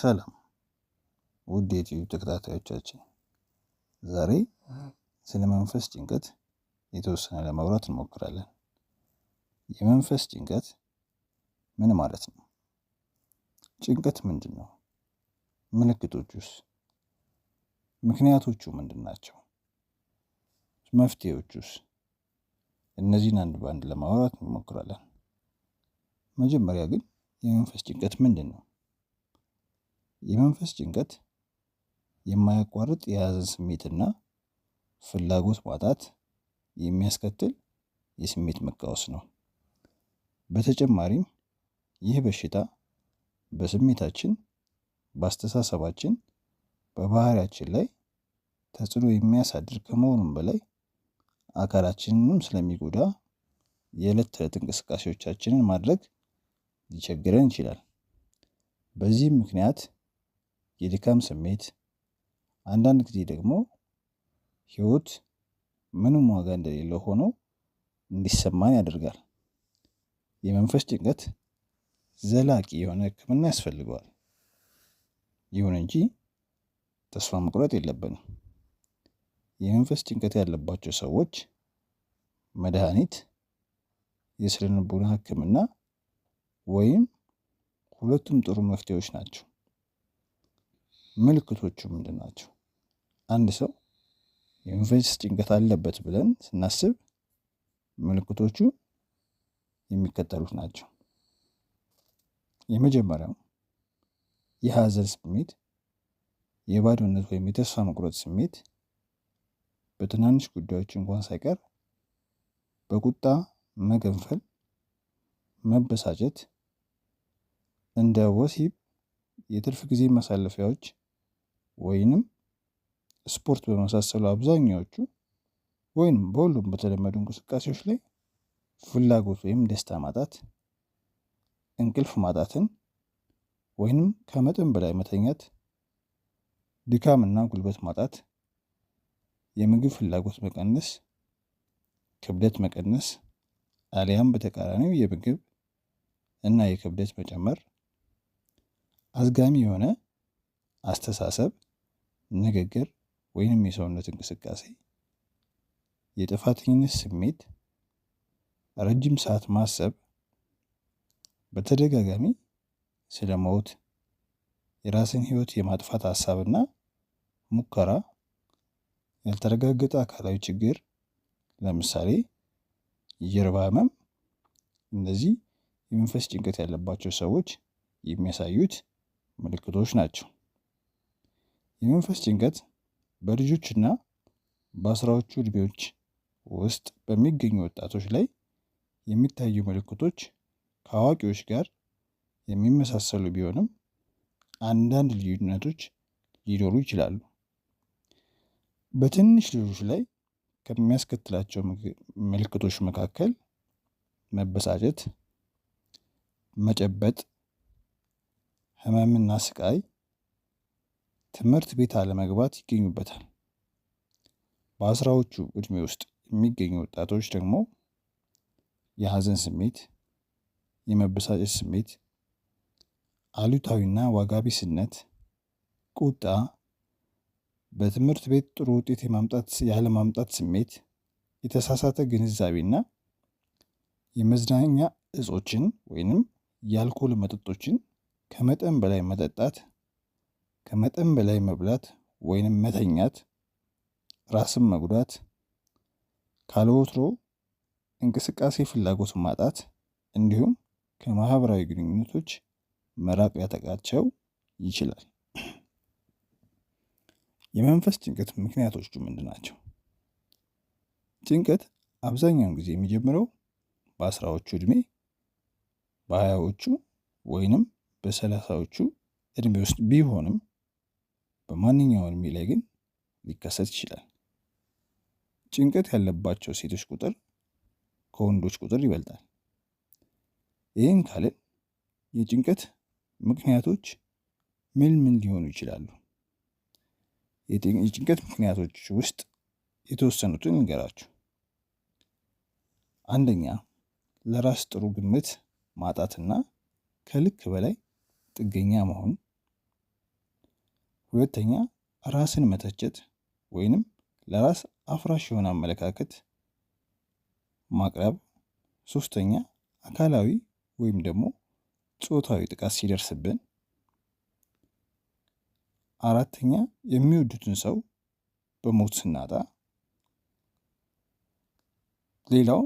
ሰላም ውድ የዩቲዩብ ተከታታዮቻችን፣ ዛሬ ስለ መንፈስ ጭንቀት የተወሰነ ለማውራት እንሞክራለን። የመንፈስ ጭንቀት ምን ማለት ነው? ጭንቀት ምንድን ነው? ምልክቶቹስ? ምክንያቶቹ ምንድን ናቸው? መፍትሄዎቹስ? እነዚህን አንድ በአንድ ለማውራት እንሞክራለን። መጀመሪያ ግን የመንፈስ ጭንቀት ምንድን ነው? የመንፈስ ጭንቀት የማያቋርጥ ስሜት ስሜትና ፍላጎት ማጣት የሚያስከትል የስሜት መቃወስ ነው። በተጨማሪም ይህ በሽታ በስሜታችን፣ በአስተሳሰባችን፣ በባህሪያችን ላይ ተጽዕኖ የሚያሳድር ከመሆኑም በላይ አካላችንንም ስለሚጎዳ የዕለት ተዕለት እንቅስቃሴዎቻችንን ማድረግ ሊቸግረን ይችላል። በዚህም ምክንያት የድካም ስሜት፣ አንዳንድ ጊዜ ደግሞ ህይወት ምንም ዋጋ እንደሌለው ሆኖ እንዲሰማን ያደርጋል። የመንፈስ ጭንቀት ዘላቂ የሆነ ህክምና ያስፈልገዋል። ይሁን እንጂ ተስፋ መቁረጥ የለብንም። የመንፈስ ጭንቀት ያለባቸው ሰዎች መድኃኒት፣ የስነ ልቦና ወይም ሁለቱም ጥሩ መፍትሄዎች ናቸው። ምልክቶቹ ምንድን ናቸው? አንድ ሰው የመንፈስ ጭንቀት አለበት ብለን ስናስብ ምልክቶቹ የሚከተሉት ናቸው። የመጀመሪያው የሐዘን ስሜት፣ የባዶነት ወይም የተስፋ መቁረጥ ስሜት፣ በትናንሽ ጉዳዮች እንኳን ሳይቀር በቁጣ መገንፈል፣ መበሳጨት፣ እንደ ወሲብ የትርፍ ጊዜ ማሳለፊያዎች ወይንም ስፖርት በመሳሰሉ አብዛኛዎቹ ወይንም በሁሉም በተለመዱ እንቅስቃሴዎች ላይ ፍላጎት ወይም ደስታ ማጣት፣ እንቅልፍ ማጣትን ወይንም ከመጠን በላይ መተኛት፣ ድካምና ጉልበት ማጣት፣ የምግብ ፍላጎት መቀነስ፣ ክብደት መቀነስ አሊያም በተቃራኒው የምግብ እና የክብደት መጨመር፣ አዝጋሚ የሆነ አስተሳሰብ ንግግር ወይንም የሰውነት እንቅስቃሴ፣ የጥፋተኝነት ስሜት፣ ረጅም ሰዓት ማሰብ፣ በተደጋጋሚ ስለ ሞት፣ የራስን ህይወት የማጥፋት ሀሳብና ሙከራ፣ ያልተረጋገጠ አካላዊ ችግር ለምሳሌ የጀርባ ህመም፣ እነዚህ የመንፈስ ጭንቀት ያለባቸው ሰዎች የሚያሳዩት ምልክቶች ናቸው። የመንፈስ ጭንቀት በልጆችና በአስራዎቹ ዕድሜዎች ውስጥ በሚገኙ ወጣቶች ላይ የሚታዩ ምልክቶች ከአዋቂዎች ጋር የሚመሳሰሉ ቢሆንም አንዳንድ ልዩነቶች ሊኖሩ ይችላሉ። በትንሽ ልጆች ላይ ከሚያስከትላቸው ምልክቶች መካከል መበሳጨት፣ መጨበጥ፣ ህመምና ስቃይ ትምህርት ቤት አለመግባት ይገኙበታል። በአስራዎቹ ዕድሜ ውስጥ የሚገኙ ወጣቶች ደግሞ የሐዘን ስሜት፣ የመበሳጨት ስሜት፣ አሉታዊና ዋጋቢስነት፣ ቁጣ፣ በትምህርት ቤት ጥሩ ውጤት የማምጣት ያለማምጣት ስሜት፣ የተሳሳተ ግንዛቤና የመዝናኛ እጾችን ወይንም የአልኮል መጠጦችን ከመጠን በላይ መጠጣት ከመጠን በላይ መብላት ወይንም መተኛት፣ ራስን መጉዳት፣ ካለወትሮ እንቅስቃሴ ፍላጎት ማጣት እንዲሁም ከማህበራዊ ግንኙነቶች መራቅ ሊያጠቃቸው ይችላል። የመንፈስ ጭንቀት ምክንያቶቹ ምንድን ናቸው? ጭንቀት አብዛኛውን ጊዜ የሚጀምረው በአስራዎቹ ዕድሜ በሀያዎቹ ወይንም በሰላሳዎቹ እድሜ ውስጥ ቢሆንም በማንኛውም ዕድሜ ላይ ግን ሊከሰት ይችላል። ጭንቀት ያለባቸው ሴቶች ቁጥር ከወንዶች ቁጥር ይበልጣል። ይህን ካልን የጭንቀት ምክንያቶች ምን ምን ሊሆኑ ይችላሉ? የጭንቀት ምክንያቶች ውስጥ የተወሰኑትን ንገራችሁ። አንደኛ ለራስ ጥሩ ግምት ማጣትና ከልክ በላይ ጥገኛ መሆን ሁለተኛ ራስን መተቸት ወይንም ለራስ አፍራሽ የሆነ አመለካከት ማቅረብ። ሶስተኛ አካላዊ ወይም ደግሞ ጾታዊ ጥቃት ሲደርስብን። አራተኛ የሚወዱትን ሰው በሞት ስናጣ። ሌላው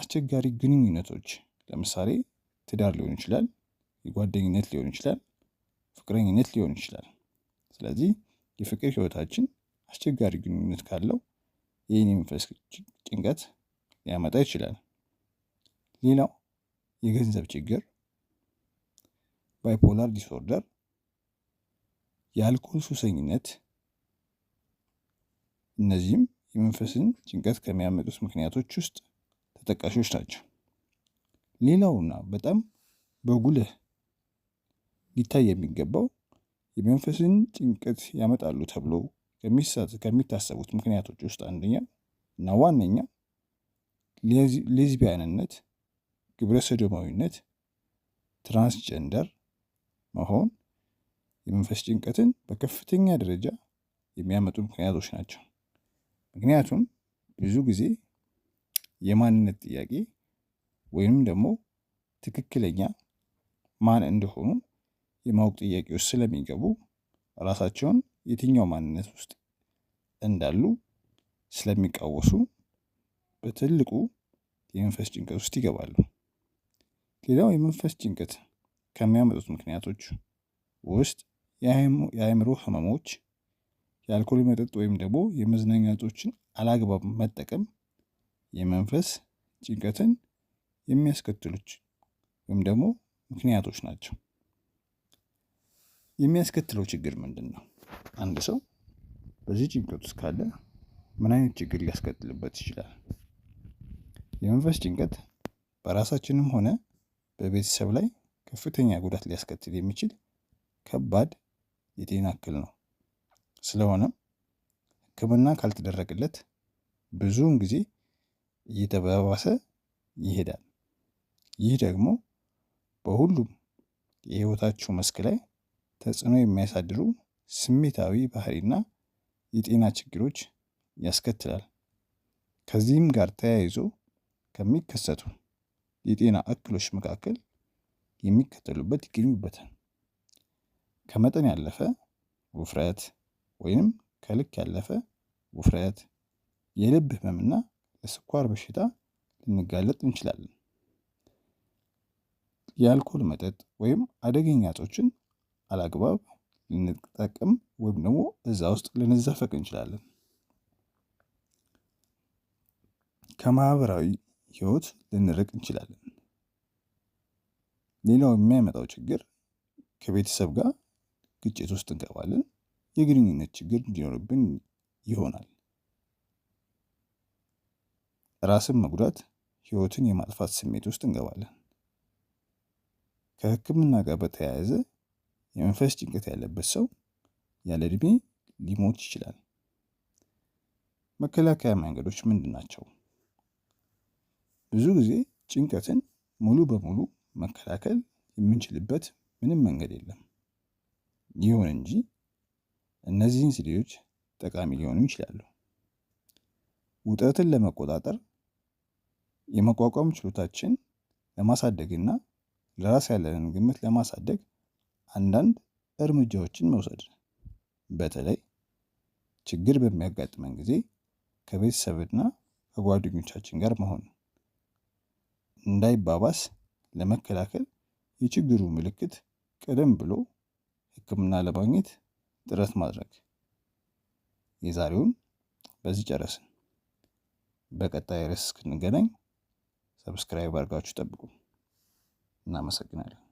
አስቸጋሪ ግንኙነቶች ለምሳሌ ትዳር ሊሆን ይችላል፣ የጓደኝነት ሊሆን ይችላል፣ ፍቅረኝነት ሊሆን ይችላል። ስለዚህ የፍቅር ህይወታችን አስቸጋሪ ግንኙነት ካለው ይህን የመንፈስ ጭንቀት ሊያመጣ ይችላል። ሌላው የገንዘብ ችግር፣ ባይፖላር ዲስኦርደር፣ የአልኮል ሱሰኝነት፣ እነዚህም የመንፈስን ጭንቀት ከሚያመጡት ምክንያቶች ውስጥ ተጠቃሾች ናቸው። ሌላውና በጣም በጉልህ ሊታይ የሚገባው የመንፈስን ጭንቀት ያመጣሉ ተብሎ ከሚታሰቡት ምክንያቶች ውስጥ አንደኛ እና ዋነኛ ሌዝቢያንነት፣ ግብረ ሰዶማዊነት፣ ትራንስጀንደር መሆን የመንፈስ ጭንቀትን በከፍተኛ ደረጃ የሚያመጡ ምክንያቶች ናቸው። ምክንያቱም ብዙ ጊዜ የማንነት ጥያቄ ወይንም ደግሞ ትክክለኛ ማን እንደሆኑ የማወቅ ጥያቄዎች ስለሚገቡ ራሳቸውን የትኛው ማንነት ውስጥ እንዳሉ ስለሚቃወሱ በትልቁ የመንፈስ ጭንቀት ውስጥ ይገባሉ። ሌላው የመንፈስ ጭንቀት ከሚያመጡት ምክንያቶች ውስጥ የአእምሮ ህመሞች፣ የአልኮል መጠጥ ወይም ደግሞ የመዝናኛ እጾችን አላግባብ መጠቀም የመንፈስ ጭንቀትን የሚያስከትሉት ወይም ደግሞ ምክንያቶች ናቸው። የሚያስከትለው ችግር ምንድን ነው? አንድ ሰው በዚህ ጭንቀት ውስጥ ካለ ምን አይነት ችግር ሊያስከትልበት ይችላል? የመንፈስ ጭንቀት በራሳችንም ሆነ በቤተሰብ ላይ ከፍተኛ ጉዳት ሊያስከትል የሚችል ከባድ የጤና እክል ነው። ስለሆነም ሕክምና ካልተደረገለት ብዙውን ጊዜ እየተባባሰ ይሄዳል። ይህ ደግሞ በሁሉም የህይወታችሁ መስክ ላይ ተጽዕኖ የሚያሳድሩ ስሜታዊ ባህሪና የጤና ችግሮች ያስከትላል። ከዚህም ጋር ተያይዞ ከሚከሰቱ የጤና እክሎች መካከል የሚከተሉበት ይገኙበታል። ከመጠን ያለፈ ውፍረት ወይንም ከልክ ያለፈ ውፍረት፣ የልብ ህመምና ለስኳር በሽታ ልንጋለጥ እንችላለን። የአልኮል መጠጥ ወይም አደገኛ እጾችን አላግባብ ልንጠቀም ወይም ደግሞ እዛ ውስጥ ልንዘፈቅ እንችላለን። ከማህበራዊ ህይወት ልንርቅ እንችላለን። ሌላው የሚያመጣው ችግር ከቤተሰብ ጋር ግጭት ውስጥ እንገባለን። የግንኙነት ችግር እንዲኖርብን ይሆናል። ራስን መጉዳት ህይወትን የማጥፋት ስሜት ውስጥ እንገባለን። ከህክምና ጋር በተያያዘ የመንፈስ ጭንቀት ያለበት ሰው ያለ እድሜ ሊሞት ይችላል። መከላከያ መንገዶች ምንድን ናቸው? ብዙ ጊዜ ጭንቀትን ሙሉ በሙሉ መከላከል የምንችልበት ምንም መንገድ የለም። ይሁን እንጂ እነዚህን ዘዴዎች ጠቃሚ ሊሆኑ ይችላሉ። ውጥረትን ለመቆጣጠር የመቋቋም ችሎታችን ለማሳደግና ለራስ ያለንን ግምት ለማሳደግ አንዳንድ እርምጃዎችን መውሰድ ነው። በተለይ ችግር በሚያጋጥመን ጊዜ ከቤተሰብና ከጓደኞቻችን ጋር መሆን እንዳይባባስ ለመከላከል የችግሩ ምልክት ቀደም ብሎ ሕክምና ለማግኘት ጥረት ማድረግ። የዛሬውን በዚህ ጨረስን። በቀጣይ ርዕስ እስክንገናኝ ሰብስክራይብ አድርጋችሁ ጠብቁ። እናመሰግናለን።